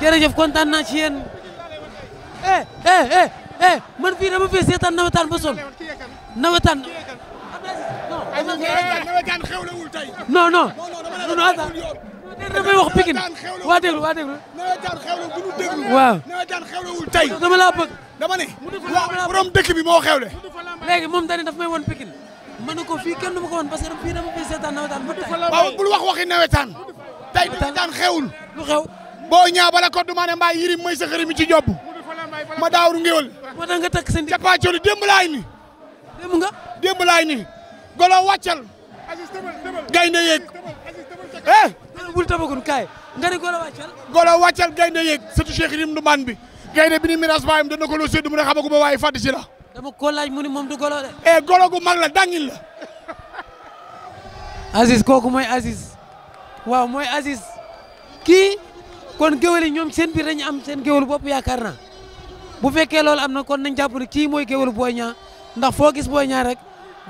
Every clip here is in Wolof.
jërëjëf kontaan naa ci yéen eh, eh eh eh man fii dama fee seetaan nawetaan ba sonn nawetaan nawetaan xewlewul tey non non damay wax pikin waa déglu waa déglu nawetaan xewle bu ñu déglu waaw nawetaan xewlewul tey moo xewle léegi moom pikin ma ko fii kenn du ma ko woon parce que fii dama fee seetaan nawetaan ba tey bul wax waxi nawetaan tey nawetaan xewul lu xew boo Niang bala ko du ma ne mbaa yirim mi ci job ma daaw ru ngéwal moo sa ndig cappaacoli démb laay ni démb ni golo wàccal gaynde yeeg eh bul tabagun kaay nga ne golo wàccal gaynde yeeg surtout Cheikh Rim du bi gaynde bi ni miras baayam dana ko loo séddu mu ne xamagu ba waaye fàdd la dama moom du golo de eh gu mag la dangil la Aziz kooku moy Aziz waaw mooy Aziz kii kon géwél yi ñoom seen biir dañu am seen géwélu bopp yaakaar na bu fekkee loolu am na kon nañ jàpp ne kii mooy géwélu Boy ñaa ndax foo gis booy Niang rek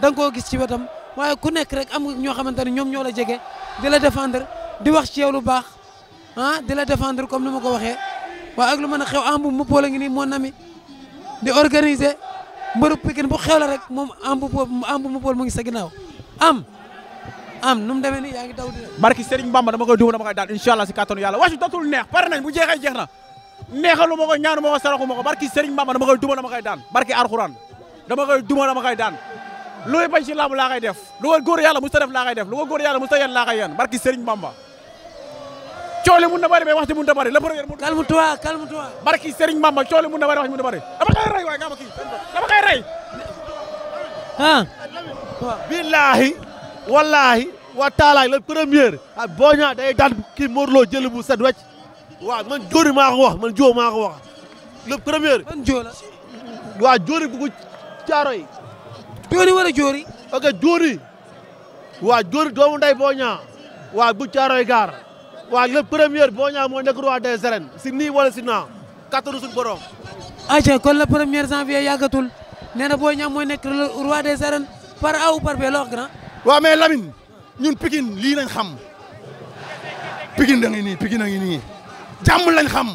da nga koo gis ci wetam waaye ku nekk rek am ñoo xamante ne ñoom ñoo la jege di la défendre di wax ci lu baax ah di la défendre comme ni ma ko waxe waaye ak lu mën a xew ambu mu poole ngi nii moo nami di organiser mbëru Pikine bu xew rek moom ambu ambu mu bool mu ngi sa ginnaaw am am nu mu demee nii yaa ngi daw di barki Serigne Bamba dama koy duuma dama koy daal incha allah si kàttanu yàlla wasu dootul neex pare nañ bu jeexee jeex na neexalu ma ko ñaanu saraxu ma barki Serigne Bamba dama koy duuma dama koy daan barki Alxuraan dama koy duuma dama koy daan lu may bañ def lu ko góor yàlla musta def laa koy def lu ko góor yàlla musta yen laa koy yen barki Serigne Bamba coole mun na bëri mais wax ci mun na bëri le premier mun calme toi calme barki Serigne Bamba coole mun na bëri wax mun dama koy dama koy rey wallaahi wa taalaay la première ah boo ñaa day daan kii Modou Lo jël bu set wecc waaw man jóori maa ko wax man joo maa ko wax le première. man joo la. waaw jóori bu ko caaro yi. waa wala jóori. ok jóori. waaw jóori doomu nday boo ñaa waaw bu gaar waaw le première boo ñaa moo nekk roi des arènes si nii wala si naa kattanu suñu borom. ayca kon le premier janvier yàggatul nee na boo ñaa mooy nekk roi des arènes par A par B loo xam waa mais lamin ñun pikin lii lañ xam pikin da ngi nii Pikine da ngi nii jàmm lañu xam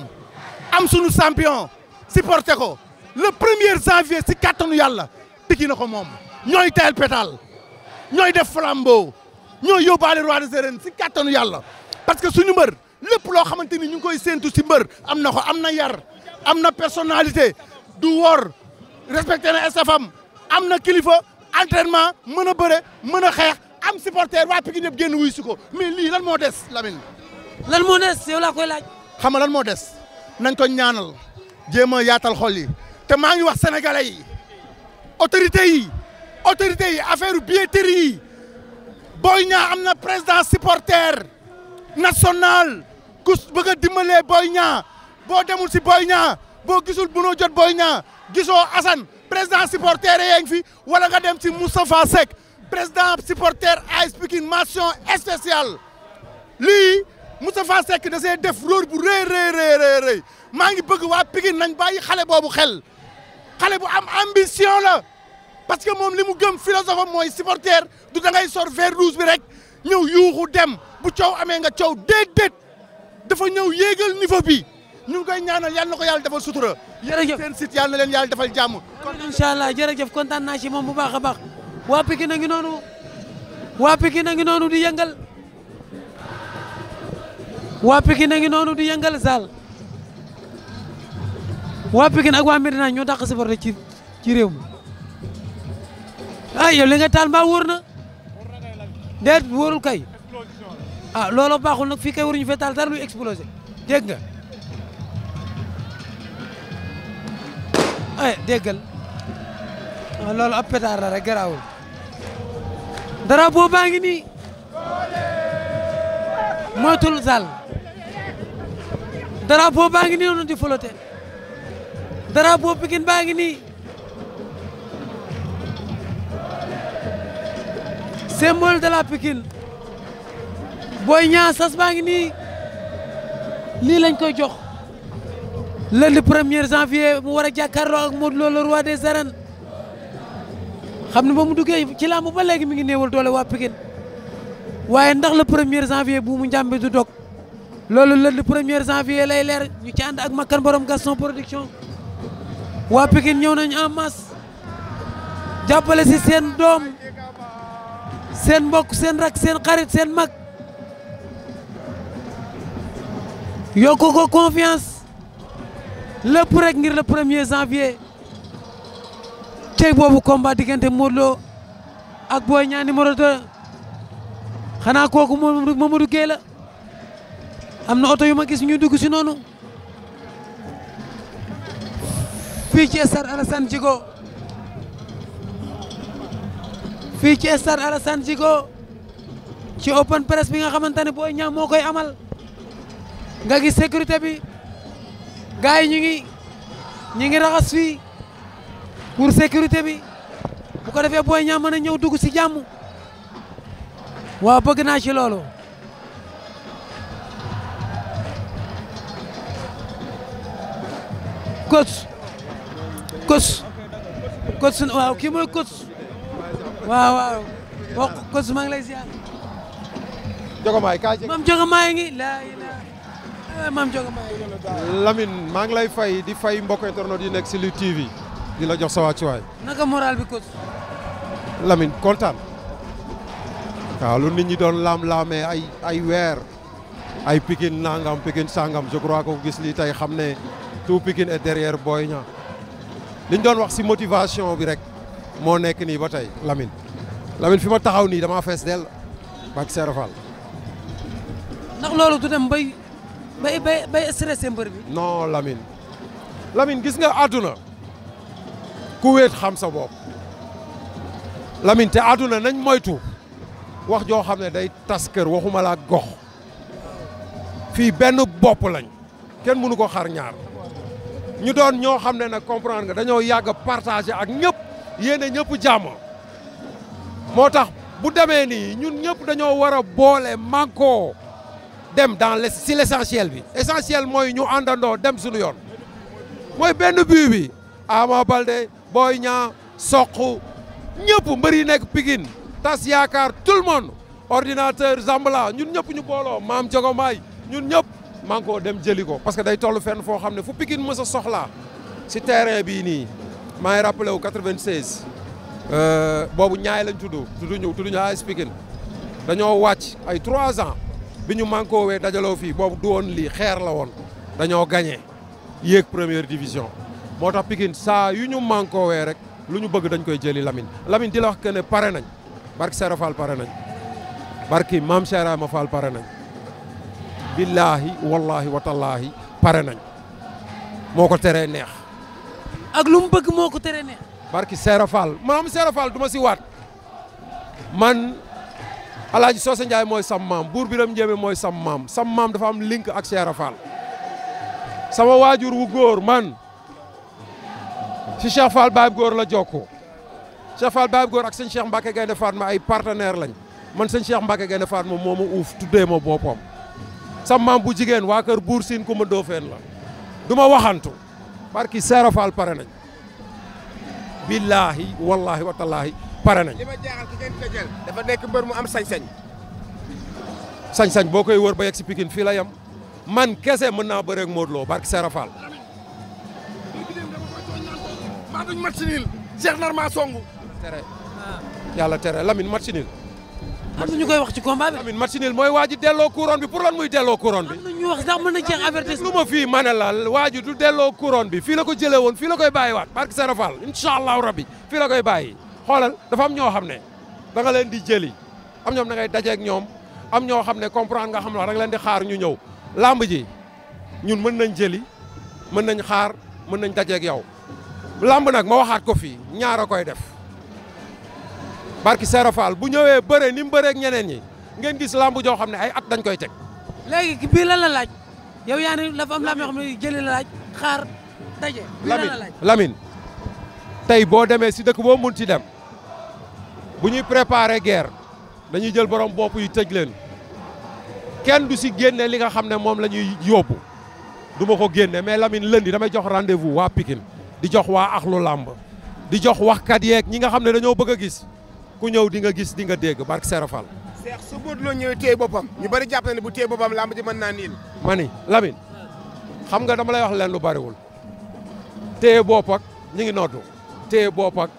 am sunu champion supporté ko le premier janvier si kàttanu yàlla Pikine na ko moom ñooy teel pétal ñooy def flambeau ñooy yóbbaale roi de sérène si kàttanu yàlla parce que suñu mbër lépp loo xamante ni ñu ngi koy séentu si mbër am na ko am na yar am na personnalité du wor respecté na SFM am na kilifa entraînement mën a bëre mën a xeex am supporter waa Pikine ñëpp génn wuy si ko mais lii lan moo des Lamine. lan moo des yow laa koy laaj. xam nga lan moo des nañ ko ñaanal jéem a yaatal xol yi te maa ngi wax sénégalais yi autorités yi autorités yi affaire billetterie yi Boy Niang am na président supporter national ku bëgg a booy ñaa boo demul si Boy Niang boo gisul bunoo jot Boy Niang gisoo Assane président supporter yaa ngi fi wala nga dem si Moustapha Seck président supporter AS Pikine mention spéciale lii Moustapha Seck da see def rôle bu rëy rëy rëy maa ngi bëgg waa Pikine nañ bàyyi xale boobu xel xale bu am ambition la parce que moom li mu gëm philosophe am mooy supporter du da ngay sor vert rouge bi rek ñëw yuuxu dem bu coow amee nga coow déedéet dafa ñëw yéegal niveau bi ñu ngi koy ñaanal yal na ko yàlla defal sutura. jërëjëf seen site yal na leen yàlla defal jàmm. kon incha allah jërëjëf kontaan naa ci moom bu baax a baax. waa Pikine a ngi noonu waa Pikine a ngi noonu di yëngal waa Pikine a ngi noonu di yëngal Saal waa Pikine ak waa Medina ñoo dàq si boré ci ci réew mi ah yow li nga taal mbaa wóor na déet wóorul kay ah looloo baaxul nag fii kay waruñu fee taal dara luy explosé dégg nga. eh déggal ah, loolu ab pétard la rek garaawul drapeau baa ngi nii moytul zal drapeau baa ngi nii noonu di folote drapeau Pikine baa ngi nii symbole de la Pikine Boy sas baa ngi nii lii lañ koy jox lundi premier janvier mu war a jàkkaarloo ak Modou Lo le roi des arènes xam ne ba mu duggee ci làmb ba léegi mi ngi néewal doole waa Pikine waaye ndax la premier janvier bu mu njàmbi du dog loolu lundi premier janvier lay leer ñu ci ànd ak makkan borom Gaston production waa Pikine ñëw nañu en masse jàppale si seen doom seen mbokk seen rak seen xarit seen mag yokk ko confiance. lépp rek ngir le premier janvier tey boobu combat diggante Modou ak Boy Niang numéro xanaa kooku Mamadou Gueye la am na oto yu ma gis ñu dugg si noonu fii ci stade Alassane Djigo fii ci stade Alassane Djigo ci open press bi nga xamante ne Boy Niang moo koy amal nga gis sécurité bi. gars yi ñu ngi ñu ngi raxas fii pour sécurité bi bu ko defee booy ñaa mën a ñëw dugg si jàmm waaw bëgg naa ci loolu coach coach coach waaw kii mooy coach waaw waaw wax coach maa ngi lay Eh, maam Jogo Lamine maa ngi lay fay di fay mbokk internet yi nekk si Lutte TV di la jox sa waay naka moral bi coach. Lamine kontaan. waaw lu nit ñi doon laam-laamee ay ay weer ay Pikine nangam Pikine sangam je ku gis lii tey xam ne tout Pikine est derrière Boy Niang li ñu doon wax si motivation bi rek moo nekk nii ba tey lamin Lamine fi ma taxaw nii damaa fees dell. Bakk Serafal. ndax loolu du dem bay. bay bay bay stressé mbër gis nga àdduna ku wéet xam sa bopp Lamine te àdduna nañ moytu wax joo xam ne day tas kër waxuma laa gox fii benn bopp lañ kenn mënu ko xar ñu doon ñoo xam ne na comprendre nga dañoo yàgg partagé ak ñëpp yéene ñëpp jàmm moo tax bu demee nii ñun ñëpp dañoo war a boole mànkoo dem dans les si l' bi essentiel mooy ñu àndandoo dem suñu yoon mooy benn but bi Ama Baldé Boy ñaa soq ñëpp mbër yi nekk Pikine tas yaakaar tout le monde ordinateur Zambala ñun ñëpp ñu booloo maam Jogomaay ñun ñëpp maa ngi koo dem jëli ko parce que day toll fenn foo xam ne fu Pikine mës sa soxlaa si terrain bii nii maa ngi rappelé wu 96 euh, boobu ñaay lañ tudd tudduñu tudduñu AS Pikine dañoo wàcc ay trois ans. bi ñu mànkoowee dajaloo fii boobu du woon lii xeer la woon dañoo gagné yéeg première division moo tax pikin saa yu ñu mànkoowee rek lu ñu bëgg dañ koy jëli lamin lamin di la wax que ne pare nañ barki Serap pare nañ barki maam Serap ma Fall pare nañ billaahi wallaahi watallaahi pare nañ moo ko teree neex. ak lu mu bëgg moo ko tere neex. barki Serap Fall maam Serap Fall du ma si waat alaaji Socé Ndiaye mooy sam maam buur biram njéeme mooy sam maam sam maam dafa am link ak Cheikh sama waajur wu góor man si Cheikh Fall Baab góor la jokku Cheikh Fall Baab góor ak sëñ Cheikh Mbacke Gaynde Fatma ay partenaire lañ man sëñ Cheikh Mbacke Gaynde Fatma moo moomu uuf tuddee ma boppam sam bu jigéen waa kër buur siin ku ma doofeen la du ma waxantu barki Cheikh pare nañ billaahi wallaahi wa pare nañ. li ma jaaxal ki ngeen nekk mbër mu am sañ-sañ. sañ boo koy wër ba yegg si Pikine fii la yam man kese mën naa bëreeg Modou Lo barke Serap Fall. maa duñ match nul nar maa songu. tere yàlla tere Lamine match nul. am na ñu koy wax ci combat bi Lamine match mooy waa ji delloo couronne bi pour lan muy delloo couronne bi. wax ndax mën na jeex avertissement. lu ma fii ma ne la waa ji du delloo couronne bi fii la ko jëlee woon fii la koy bàyyiwaat barke Serap Fall incha allahu rabbi fii la koy bàyyi. xoolal dafa am ñoo xam ne da leen di jëli am ñoom da ngay dajeeg ñoom am ñoo xam ne comprendre nga xam la da nga di xaar ñu ñëw làmb ji ñun mën nañ jëli mën nañ xaar mën nañ dajeeg yow làmb nag ma waxaat ko fii ñaara koy def barki Serap Fall bu ñëwee bëre ni mu ñeneen ñi ngeen gis làmb joo xam ne ay at dañ koy teg. léegi bii lan la laaj yow yaa ne dafa am làmb yoo xam ne jëli la laaj xaar daje. bii lan la tey boo demee si dëkk boo mun ci dem. bu ñuy préparer guerre dañuy jël borom bopp yi tëj leen kenn du si génne li nga xam ne moom la ñuy yóbbu du ma ko génne mais Lamine lëndi dama jox rendez-vous waa Pikine di jox waa axlu làmb di jox waxkat yeeg ñi nga xam ne dañoo bëgg a gis ku ñëw di nga gis di nga dégg barke Serafal. Seex su Modou ñëwee téye boppam. ñu bari jàpp na ne bu téye boppam làmb ji mën naa niil. ma ni xam nga dama lay wax leen bariwul téye bopp ak ñu ngi noddu téye bopp ak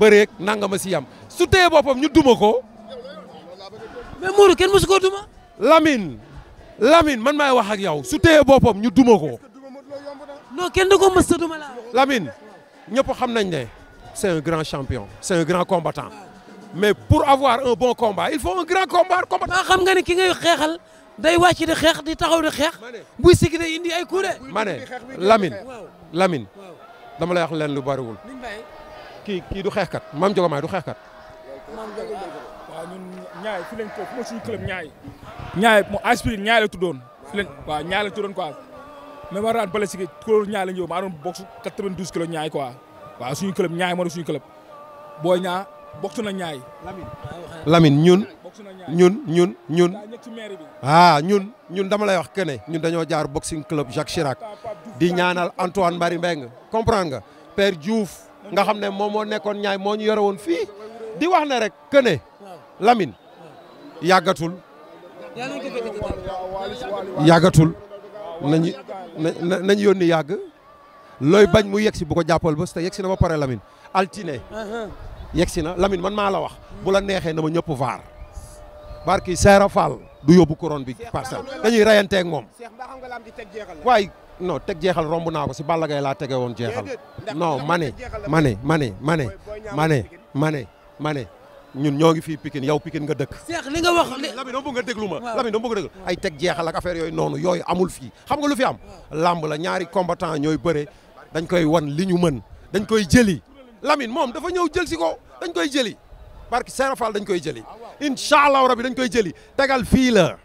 nanga nangama si yam su téye boppam ñu duma ko. mais Modou kenn mësu koo duma. Lamine Lamine man maay wax ak yow su téye boppam ñu duma ko. non kenn da ko mës a duma la. Lamine ñëpp xam nañ ne c'est un grand champion c'est un grand combattant mais pour avoir un bon combat il faut un grand combat combattant. maa xam nga ne ki ngay xeexal day wàcc di xeex di taxaw di xeex buy sigi day indi ay kuure. ma ne Lamine dama lay wax leen lu bariwul. kii kii du xeexkat Mame Diogo Maye du xeexkat. waaw ñun ñaay fi lañ ko fu ma suñu club ñaay waaw ñaay la tuddoon quoi mais ma daan si ko ñaay ñëw maa doon boxe kilos ñaay quoi waaw suñu club ñaay moo doon suñu club booy ñaa boxe na ñaay Lamine ñun ñun ñun ñun ah ñun ñun dama lay wax que ñun dañoo jaar boxing club Jacques Chirac di ñaanal Antoine Marie Mbengue comprendre nga Père Diouf nga xam ne moom moo nekkoon ñaay moo ñu yore woon fii di wax ne rek que ne Lamine yàggatul yàggatul nañ nañu yónni yàgg looy bañ mu yegsi bu ko jàppal bés te yegsi na ba pare Lamine altine yegsi na lamin man maa la wax bu la neexee na ma ñëpp vaar barki Seera Fall du yóbbu couronne bi parcelle dañuy reyanteeg moom waaye non teg jeexal romb naa ko si Balla Gaye laa tege woon jeexal non ma ne ma ne ma ñun ñoo ngi fii Pikine yow Pikine nga dëkk. Cheikh li nga wax Lamine dama bëgg nga déglu ma Lamine dama bëgg nga déglu ay teg jeexal ak affaire yooyu noonu yooyu amul fii xam nga lu fi am lamb la ñaari combattant ñooy bëre dañ koy wan li ñu mën dañ koy jëli lamin moom dafa ñëw jël si ko dañ koy jëli barki Serafal dañ koy jëli incha allahu rabi dañ koy jëli tegal fii la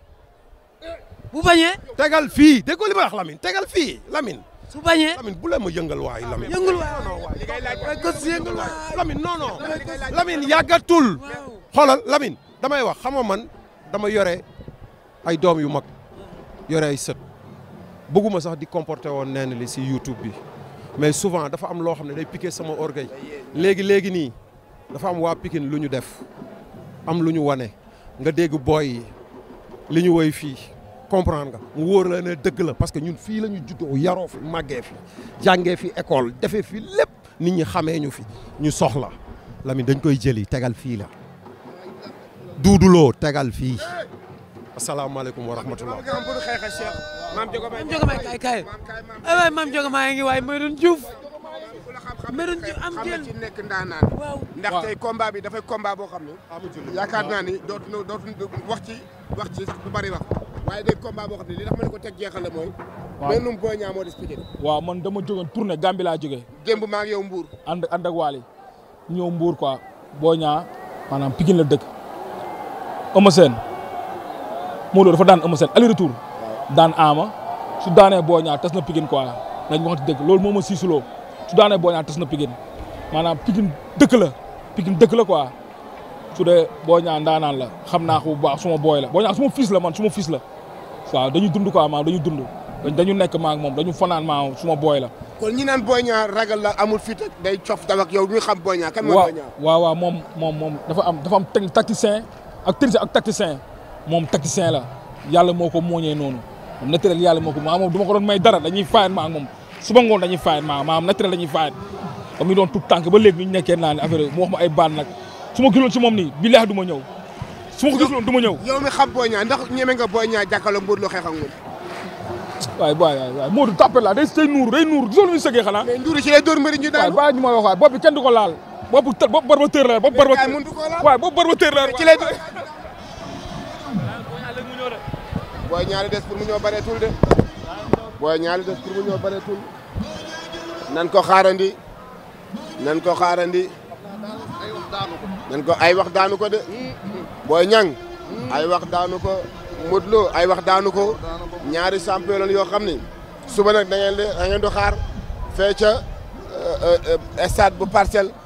bu bañee tegal fii déggoo li ma wax Lamine tegal fii Lamine su bañee Lamine bu la ma yëngal waay Lamine. yëngal waay ko si Lamine non non Lamine yàggatul. xoolal lamin damay wax xam man dama yore ay doom yu mag yore ay sët bëgguma sax di comporté woon nee na li si YouTube bi mais souvent dafa am loo xam ne day piqué sama orgueil léegi léegi nii dafa am waa Pikine lu ñu def am lu ñu wane nga dégg booy li ñu woy fii. comprendre nga mu wóor la ne dëgg la parce que ñun fii la ñu juddoo yaroo fi màggee fi jàngee fi école defee fi lépp nit ñi xamee fi ñu soxla lamit dañ koy jëli tegal fii la duuduloo tegal fii asalaamaaleykum wa rahmatullah maam Jogomaay kay kay aywaay eh maam Jogomaay ngi waay Medoune Diouf Medoune Diouf am jël ndax tey combat bi dafay combat boo xam ne yaakaar naa ni dootu dootu wax ci wax bari wax waaye day combat boo xam ne li tax ko teg jeexal la mooy. waaw mais num Boy Niang moo des Pikine. waaw man dama jógee tournée Gambie laa jógee. démb maa ngi yow Mbour. ànd ànd ak Waly ñëw Mbour quoi Boy Niang maanaam Pikine la dëkk. Eumeu Sène Modou Lô dafa daan Eumeu Sène aller retour. daan Ama su daanee Boy Niang tas na Pikine quoi nañ waxati dëgg loolu moom ma siisuloo su daanee Boy Niang tas na Pikine maanaam Pikine dëkk la Pikine dëkk la quoi su dee Boy Niang ndaanaan la xam naa ko baax suma booy la Boy Niang suma fils la man suma fils la. waaw dañu dund quoi maam dañu dund dañu nekk maam moom dañu fanaan maam suma booy la. kon ñi naan Boy Niang ragal la amul fit day cof taw ak yow ñu xam Boy Niang kan mooy Boy Niang waaw waaw moom moom moom dafa am dafa am tacticien ak tacticien ak tacticien moom tacticien la yàlla moo ko mooñee noonu moom naturel moo ko maa ma ko doon may dara dañuy faayat maa moom suba ngoon dañuy faayat maa maam naturel dañuy faayat comme ñu doon tout tànk ba léegi ñu nekkee naa affaire mu wax ay baat nag su ma giloon si moom nii bi leex du ma ñëw su ma ko gisul woon du ma ñëw. yow mi xam Boy ndax ñeme nga Boy Niang jàkkaarloo Modou Lo xeex ak moom. waay waay waay Modou tàppale laa day day nuuru day nuuru xanaa. mais nuuru ci lay dóor daal. waay bàyyi ma wax waay bopp bi kenn ko laal. bopp të barba tër la bopp barba. waay bopp barba tër la des pour mu ñëw de. Boy Niang des pour mu ñëw bareetul. nan ko xaarandi. nan ko xaarandi. nan ko ay wax daanu ko de. booy ñang ay wax daanu ko Modou Lo ay wax daanu ko ñaari champion yoo xam ni suba nag da ngeen di da ngeen di xaar fee ca euh, euh, euh, stade bu parcelle